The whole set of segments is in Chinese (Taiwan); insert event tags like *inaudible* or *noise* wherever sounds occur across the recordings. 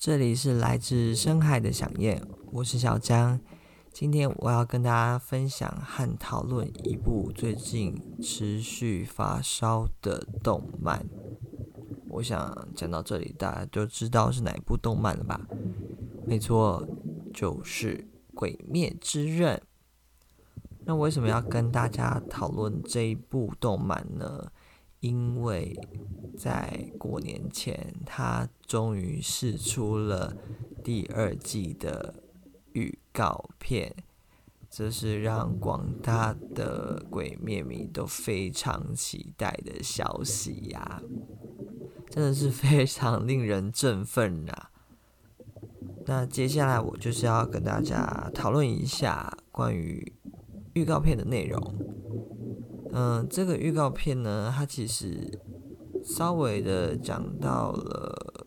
這裡是來自深海的響燕，我是小江。今天我要跟大家分享和討論一部最近持續發燒的動漫。我想講到這裡，大家就知道是哪一部動漫了吧？沒錯，就是《鬼滅之刃》。那為什麼要跟大家討論這一部動漫呢？因為在過年前，他終於釋出了第二季的預告片，這是讓廣大的鬼滅迷都非常期待的消息呀、啊！真的是非常令人振奮啊！那接下來我就是要跟大家討論一下關於預告片的內容。嗯，這個預告片呢，它其實稍微的講到了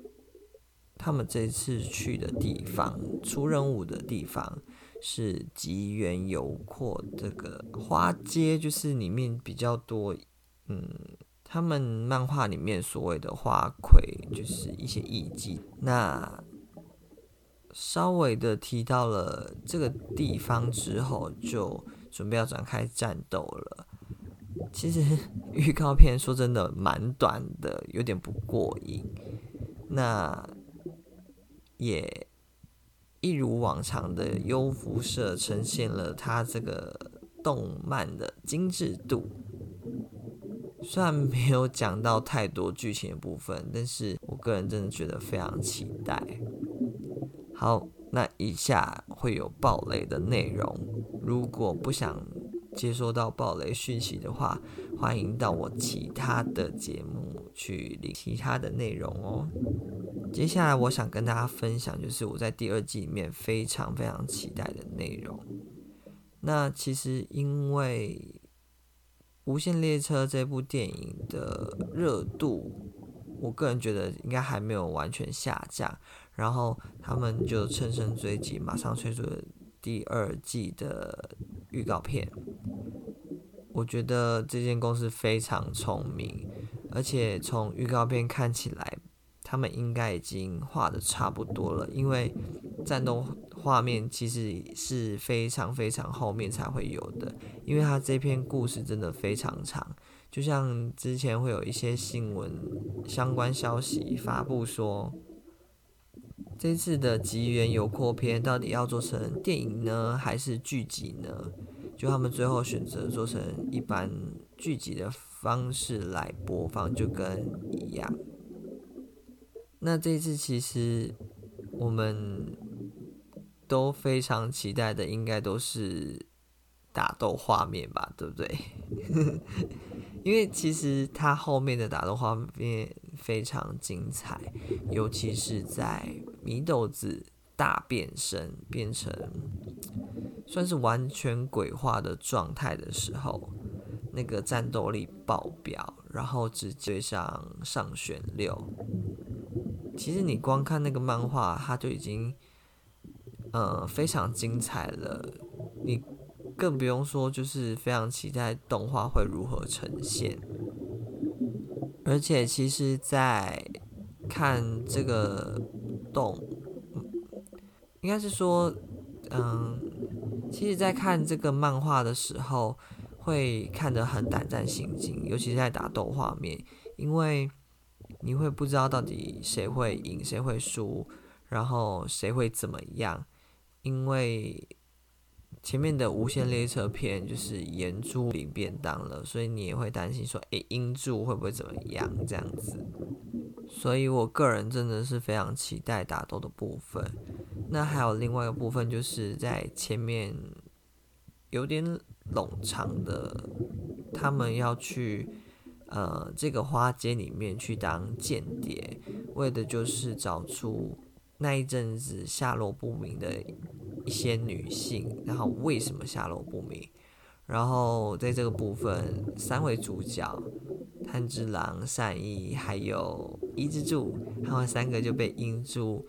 他們這次去的地方，出任務的地方是吉原遊廓這個花街，就是裡面比較多嗯，他們漫畫裡面所謂的花魁，就是一些藝妓。那稍微的提到了這個地方之後，就準備要展開戰鬥了。其實預告片說真的蠻短的，有點不過癮。那也一如往常的幽浮社，呈現了它這個動漫的精緻度，雖然沒有講到太多劇情的部分，但是我個人真的覺得非常期待。好，那以下會有爆雷的內容，如果不想。接收到暴雷訊息的話，歡迎到我其他的節目去領其他的內容哦。接下來我想跟大家分享，就是我在第二季裡面非常非常期待的內容。那其實因為《無限列車》這部電影的熱度，我個人覺得應該還沒有完全下降，然後他們就乘勝追擊，馬上推出了。第二季的預告片，我覺得這間公司非常聰明，而且從預告片看起來，他們應該已經畫得差不多了。因為戰鬥畫面其實是非常非常後面才會有的，因為他這篇故事真的非常長，就像之前會有一些新聞相關消息發布說。這次的《吉原遊郭篇》，到底要做成電影呢，還是劇集呢？就他們最後選擇做成一般劇集的方式來播放，就跟一樣。那這次其實我們都非常期待的，應該都是打鬥畫面吧？對不對？ *laughs* 因為其實它後面的打鬥畫面非常精彩，尤其是在。米豆子大變身，變成算是完全鬼化的狀態的時候，那個戰鬥力爆表，然後直接上上弦六。其實你光看那個漫畫，它就已經呃非常精彩了。你更不用說，就是非常期待動畫會如何呈現。而且，其實，在看這個。動，應該是說，嗯，其實，在看這個漫畫的時候，會看得很膽戰心驚，尤其是在打鬥畫面，因為你會不知道到底誰會贏，誰會輸，然後誰會怎麼樣，因為前面的無限列車篇就是炎柱領便當了，所以你也會擔心說，哎、欸，音柱會不會怎麼樣，這樣子。所以，我個人真的是非常期待打鬥的部分。那還有另外一個部分，就是在前面有點冗長的，他們要去呃這個花街裡面去當間諜，為的就是找出那一陣子下落不明的一些女性，然後為什麼下落不明。然後在這個部分，三位主角。三隻狼、善意還有伊之助，他們三個就被櫻珠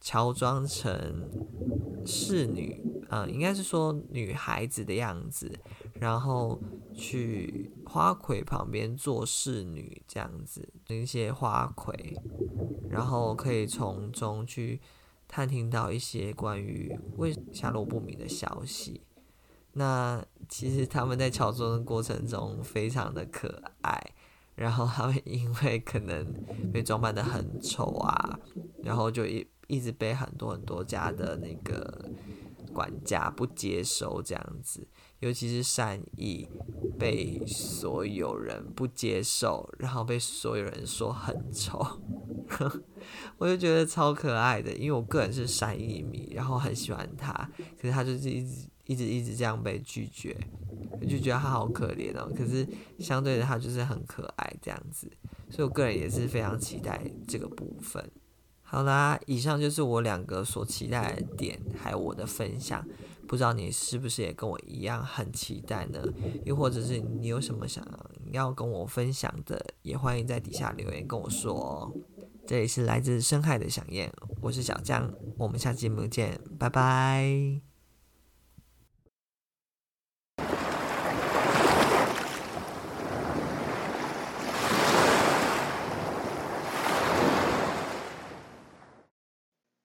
喬裝成侍女，啊、呃，應該是說女孩子的樣子，然後去花魁旁邊做侍女這樣子，那些花魁，然後可以從中去探聽到一些關於為下落不明的消息。那其實他們在喬裝的過程中非常的可愛。然後他會因為可能被裝扮得很醜啊，然後就一一直被很多很多家的那個管家不接受這樣子，尤其是善逸被所有人不接受，然後被所有人說很醜， *laughs* 我就覺得超可愛的，因為我個人是善逸迷，然後很喜歡他，可是他就是一直一直一直這樣被拒絕。我就覺得他好可憐哦，可是相對的他就是很可愛這樣子，所以我個人也是非常期待這個部分。好啦，以上就是我兩個所期待的點，還有我的分享。不知道你是不是也跟我一樣很期待呢？又或者是你有什麼想要跟我分享的，也歡迎在底下留言跟我說哦。這裡是來自深海的想念，我是小江，我們下期節目見，拜拜。